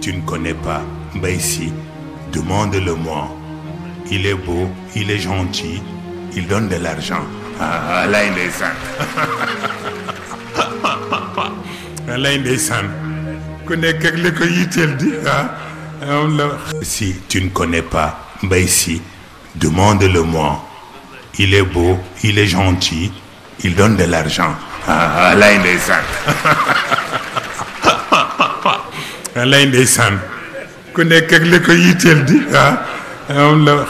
tu ne connais pas ben ici, demande-le-moi. Il est beau, il est gentil, il donne de l'argent. est est Si tu ne connais pas ben ici, demande-le-moi. Il est beau, il est gentil, il donne de l'argent. Ah, ah, est lay ndeysaan ku nekk ak li ko yitteel di waaw ah,